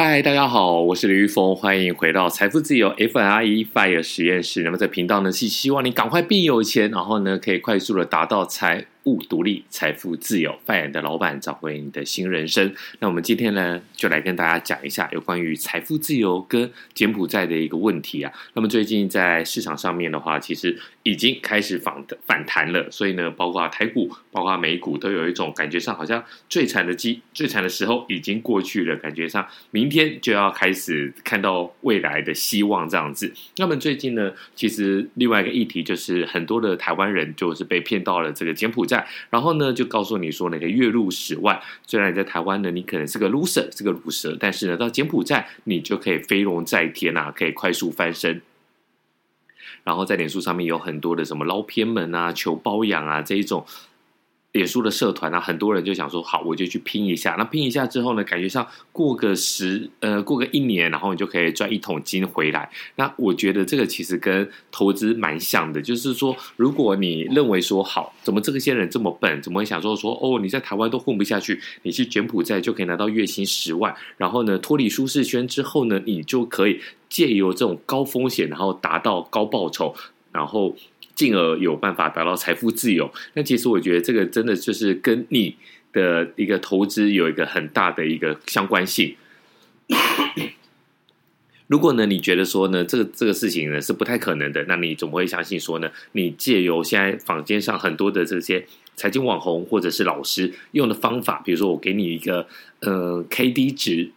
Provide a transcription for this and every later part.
嗨，Hi, 大家好，我是林裕豐，歡迎回到財富自由 FIRE 實驗室。那麼在頻道呢，是希望你趕快變有錢，然後呢，可以快速的達到財。不獨立，財富自由，扮演的老板，找回你的新人生。那我們今天呢，就來跟大家講一下有關於財富自由跟柬埔寨的一個問題啊。那麼最近在市場上面的話，其實已經開始反反彈了。所以呢，包括台股、包括美股，都有一種感覺上好像最慘的季、最慘的時候已經過去了，感覺上明天就要開始看到未來的希望這樣子。那麼最近呢，其實另外一個議題就是很多的台灣人就是被騙到了這個柬埔寨。然後呢，就告訴你說，那個月入十萬，雖然你在台灣呢，你可能是個 loser，是個 loser，但是呢，到柬埔寨你就可以飛龍在天啊，可以快速翻身。然後在臉書上面有很多的什麼撈偏門啊、求包養啊這一種。臉書的社團那、啊、很多人就想說，好，我就去拼一下。那拼一下之後呢，感覺上過個十，呃，過個一年，然後你就可以賺一桶金回來。那我覺得這個其實跟投資蠻像的，就是說，如果你認為說，好，怎麼這些人這麼笨，怎麼會想說，說哦，你在台灣都混不下去，你去柬埔寨就可以拿到月薪十萬，然後呢，脫離舒適圈之後呢，你就可以借由這種高風險，然後達到高報酬。然後，進而有辦法達到財富自由。那其實我覺得這個真的就是跟你的一個投資有一個很大的一個相關性。如果呢，你覺得說呢，這個這個事情呢是不太可能的，那你總不會相信說呢？你借由現在坊間上很多的這些財經網紅或者是老師用的方法，比如說我給你一個嗯、呃、KD 值。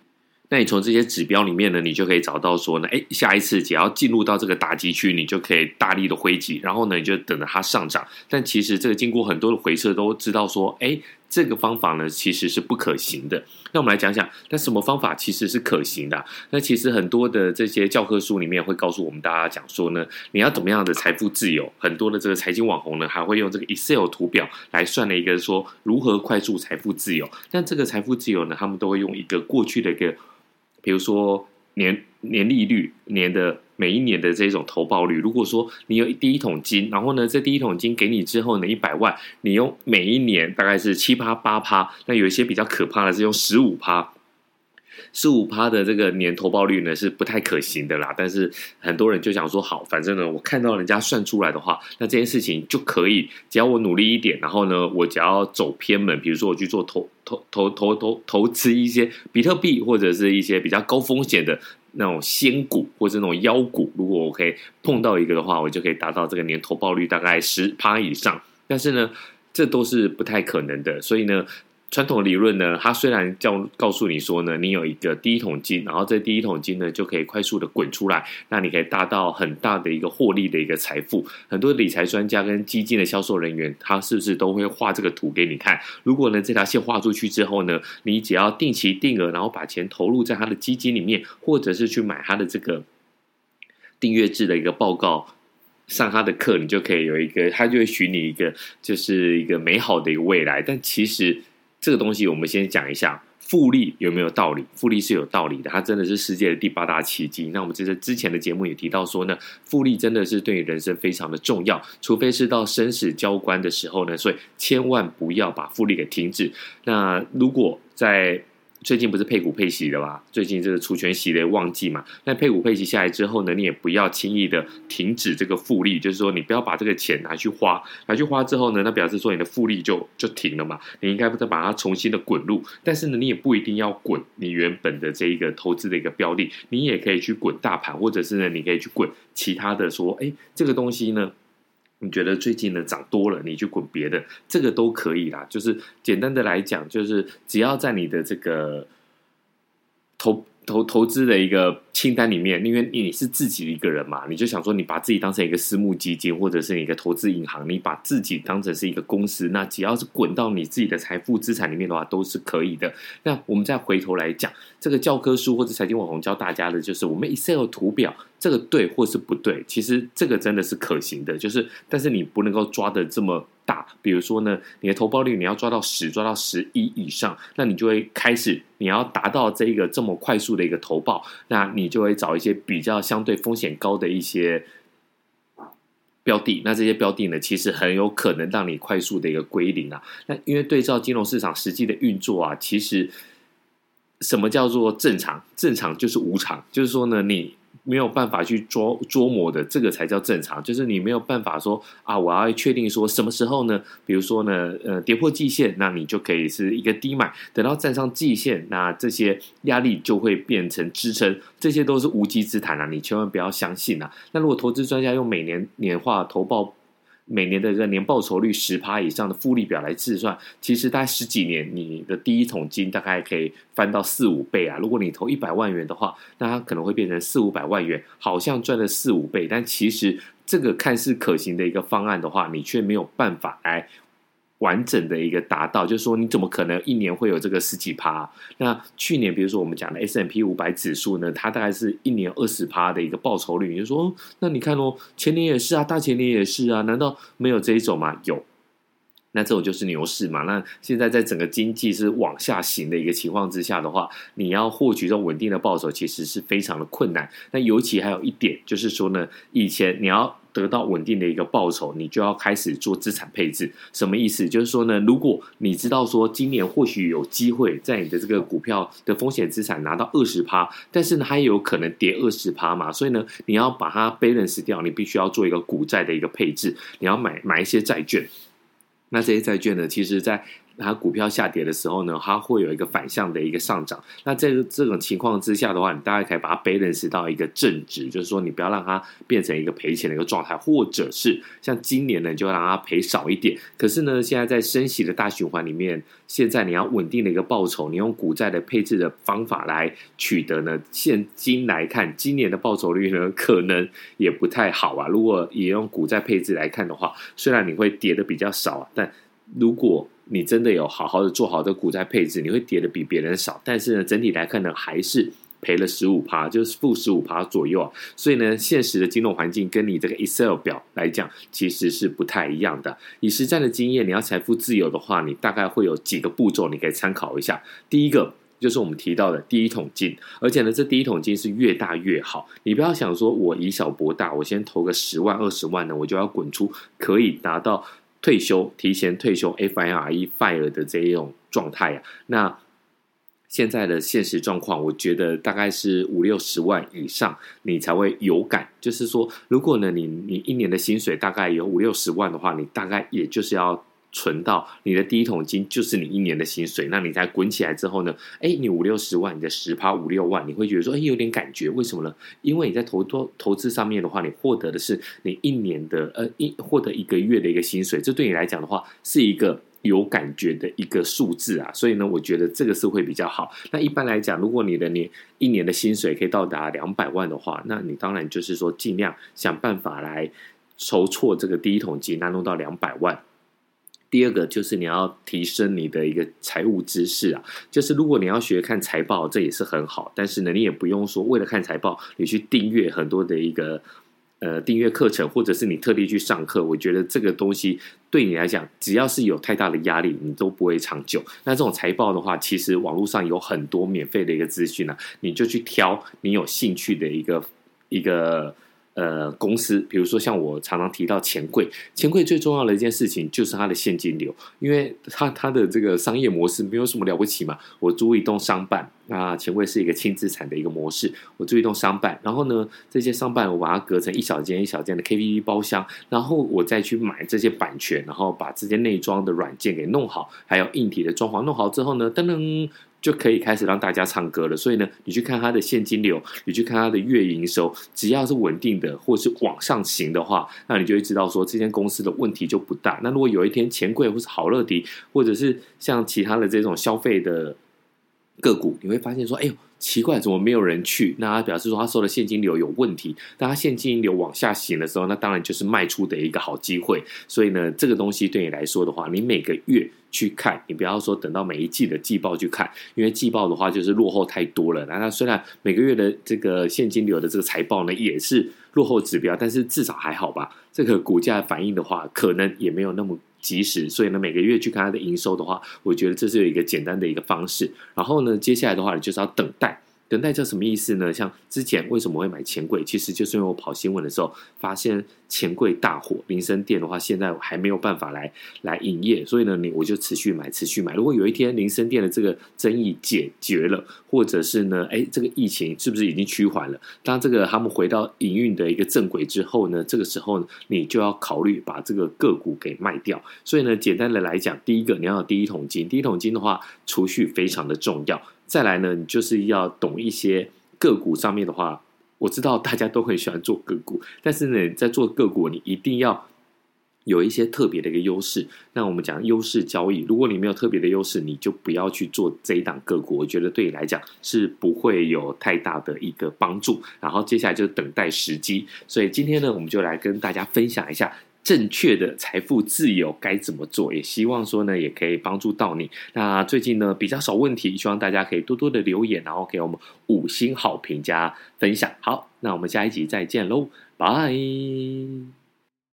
那你從這些指標裡面呢，你就可以找到說呢，哎，下一次只要進入到這個打擊區，你就可以大力的揮擊，然後呢，你就等着它上漲。但其實這個經過很多的回測，都知道說，哎，這個方法呢其實是不可行的。那我們來講講，那什麼方法其實是可行的啊？那其實很多的這些教科書裡面會告訴我們大家講說呢，你要怎麼樣的財富自由？很多的這個財經網紅呢，還會用這個 Excel 圖表來算了一個說如何快速財富自由。但這個財富自由呢，他們都會用一個過去的一個。比如說年年利率，年的每一年的這種投報率，如果說你有第一桶金，然後呢，這第一桶金給你之後呢，一百萬，你用每一年大概是七趴八趴，那有一些比較可怕的是用十五趴。四五趴的這個年投報率呢，是不太可行的啦，但是很多人就想說好，反正呢，我看到人家算出來的話，那這件事情就可以，只要我努力一點，然後呢，我只要走偏門，比如說我去做投投投投投投資一些比特幣或者是一些比較高風險的那種仙股或者那種妖股，如果我可以碰到一個的話，我就可以達到這個年投報率大概十趴以上，但是呢，這都是不太可能的，所以呢。傳統理論呢，它雖然叫告訴你說呢，你有一個第一桶金，然後這第一桶金呢就可以快速的滾出來，那你可以達到很大的一個獲利的一個財富。很多理財專家跟基金的銷售人員，他是不是都會畫這個圖給你看？如果呢這條線畫出去之後呢，你只要定期定額，然後把錢投入在他的基金裡面，或者是去買他的這個訂閱制的一個報告、上他的課，你就可以有一個，他就會許你一個，就是一個美好的一個未來。但其實。這個東西我們先講一下複利有沒有道理？複利是有道理的，它真的是世界的第八大奇蹟。那我們其實之前的節目也提到說呢，複利真的是對人生非常的重要，除非是到生死交關的時候呢，所以千萬不要把複利給停止。那如果在。最近不是配股配息的吧？最近這個除權息的旺季嘛，那配股配息下來之後呢，你也不要輕易的停止這個複利，就是說你不要把這個錢拿去花，拿去花之後呢，那表示說你的複利就就停了嘛。你應該再把它重新的滾入，但是呢，你也不一定要滾你原本的這一個投資的一個標的，你也可以去滾大盤，或者是呢，你可以去滾其他的說，誒、欸、這個東西呢。你覺得最近的漲多了，你就滾別的，這個都可以啦。就是簡單的來講，就是只要在你的這個頭投投資的一個清單裡面，因為你是自己一個人嘛，你就想說你把自己當成一個私募基金，或者是你一個投資銀行，你把自己當成是一個公司，那只要是滾到你自己的財富資產裡面的話，都是可以的。那我們再回頭來講，這個教科書或者財經網紅教大家的就是，我們 Excel 圖表這個對或是不對，其實這個真的是可行的，就是但是你不能夠抓得這麼。比如說呢，你的投報率你要抓到十，抓到十一以上，那你就會開始，你要達到這一個這麼快速的一個投報，那你就會找一些比較相對風險高的一些標的，那這些標的呢，其實很有可能讓你快速的一個歸零啊。那因為對照金融市場實際的運作啊，其實什麼叫做正常？正常就是無常，就是說呢，你。沒有辦法去捉捉摸的，這個才叫正常。就是你沒有辦法說啊，我要確定說什麼時候呢？比如說呢，呃，跌破季線，那你就可以是一個低買；等到站上季線，那這些壓力就會變成支撐。這些都是無稽之談啊，你千萬不要相信啊。那如果投資專家用每年年化投報，每年的一個年報酬率十趴以上的複利表來計算，其實大概十幾年，你的第一桶金大概可以翻到四五倍啊。如果你投一百萬元的話，那它可能會變成四五百萬元，好像賺了四五倍，但其實這個看似可行的一個方案的話，你卻沒有辦法來。完整的一個達到，就是說你怎麼可能一年會有這個十幾趴？那去年比如說我們講的 S&P 五百指數呢，它大概是一年二十趴的一個報酬率。你、就是、說那你看哦，前年也是啊，大前年也是啊，難道沒有這一種嗎？有。那這種就是牛市嘛。那現在在整個經濟是往下行的一個情況之下的話，你要獲取這種穩定的報酬，其實是非常的困難。那尤其還有一點，就是說呢，以前你要得到穩定的一個報酬，你就要開始做資產配置。什麼意思？就是說呢，如果你知道說今年或許有機會在你的這個股票的風險資產拿到二十趴，但是呢它也有可能跌二十趴嘛，所以呢，你要把它 balance 掉，你必須要做一個股債的一個配置，你要買買一些債券。那這些債券呢，其實，在，它股票下跌的時候呢，它會有一個反向的一個上漲。那在這，這種情況之下的話，你大概可以把它 balance 到一個正值，就是說你不要讓它變成一個賠錢的一個狀態，或者是像今年呢，你就讓它賠少一點。可是呢，現在在升息的大循環裡面，現在你要穩定的一個報酬，你用股債的配置的方法來取得呢，現今來看，今年的報酬率呢，可能也不太好啊。如果也用股債配置來看的話，雖然你會跌得比較少，但如果你真的有好好的做好這個股債配置，你會跌得比別人少。但是呢，整體來看呢，還是賠了十五趴，就是負十五趴左右啊。所以呢，現實的金融環境跟你這個 Excel 表來講，其實是不太一樣的。以實戰的經驗，你要財富自由的話，你大概會有幾個步驟，你可以參考一下。第一個就是我們提到的第一桶金，而且呢，這第一桶金是越大越好。你不要想說我以小博大，我先投個十萬二十萬呢，我就要滾出可以達到。退休，提前退休，fire fire 的這一種狀態啊，那現在的現實狀況，我覺得大概是五六十萬以上，你才會有感。就是說，如果呢，你你一年的薪水大概有五六十萬的話，你大概也就是要。存到你的第一桶金就是你一年的薪水，那你才滾起來之後呢。哎，你五六十萬，你的十趴五六萬，你會覺得說，哎，有點感覺。為什麼呢？因為你在投多投資上面的話，你獲得的是你一年的呃一獲得一個月的一個薪水，這對你來講的話是一個有感覺的一個數字啊。所以呢，我覺得這個是會比較好。那一般來講，如果你的你一年的薪水可以到達兩百萬的話，那你當然就是說盡量想辦法來籌措這個第一桶金，那弄到兩百萬。第二個就是你要提升你的一個財務知識啊，就是如果你要學看財報，這也是很好。但是呢，你也不用說為了看財報，你去訂閱很多的一個呃訂閱課程，或者是你特地去上課。我覺得這個東西對你來講，只要是有太大的壓力，你都不會長久。那這種財報的話，其實網絡上有很多免費的一個資訊啊，你就去挑你有興趣的一個一個。呃，公司比如說像我常常提到錢櫃，錢櫃最重要的一件事情就是它的現金流，因為它它的這個商業模式沒有什麼了不起嘛。我租一棟商辦，那錢櫃是一個輕資產的一個模式，我租一棟商辦，然後呢，這些商辦我把它隔成一小間一小間的 KTV 包廂，然後我再去買這些版權，然後把這些內裝的軟件給弄好，還有硬體的裝潢弄好之後呢，噔噔。就可以開始讓大家唱歌了。所以呢，你去看它的現金流，你去看它的月營收，只要是穩定的或是往上行的話，那你就會知道說這間公司的問題就不大。那如果有一天錢櫃或是好樂迪，或者是像其他的這種消費的。個股你會發現說，哎呦，奇怪，怎麼沒有人去？那他表示說他收的現金流有問題，當他現金流往下行的時候，那當然就是賣出的一個好機會。所以呢，這個東西對你來說的話，你每個月去看，你不要說等到每一季的季報去看，因為季報的話就是落後太多了。那它雖然每個月的這個現金流的這個財報呢，也是落後指標，但是至少還好吧。這個股價反應的話，可能也沒有那麼及時，所以呢，每個月去看它的營收的話，我覺得這是有一個簡單的一個方式。然後呢，接下來的話，你就是要等待。等待叫什麼意思呢？像之前為什麼會買錢櫃，其實就是因為我跑新聞的時候發現錢櫃大火，林森店的話現在還沒有辦法來來營業，所以呢，你我就持續買，持續買。如果有一天林森店的這個爭議解決了，或者是呢，哎、欸，這個疫情是不是已經趨緩了？當這個他們回到營運的一個正軌之後呢，這個時候呢，你就要考慮把這個個股給賣掉。所以呢，簡單的來講，第一個，你要有第一桶金，第一桶金的話儲蓄非常的重要。再來呢，你就是要懂一些個股上面的話。我知道大家都很喜歡做個股，但是呢，在做個股，你一定要有一些特別的一個優勢。那我們講優勢交易，如果你沒有特別的優勢，你就不要去做這一檔個股。我覺得對你來講是不會有太大的一個幫助。然後接下來就等待時機。所以今天呢，我們就來跟大家分享一下，正確的財富自由該怎麼做？也希望說呢，也可以幫助到你。那最近呢，比較少問題，希望大家可以多多的留言，然後給我們五星好評加分享。好，那我們下一集再見嘍，拜。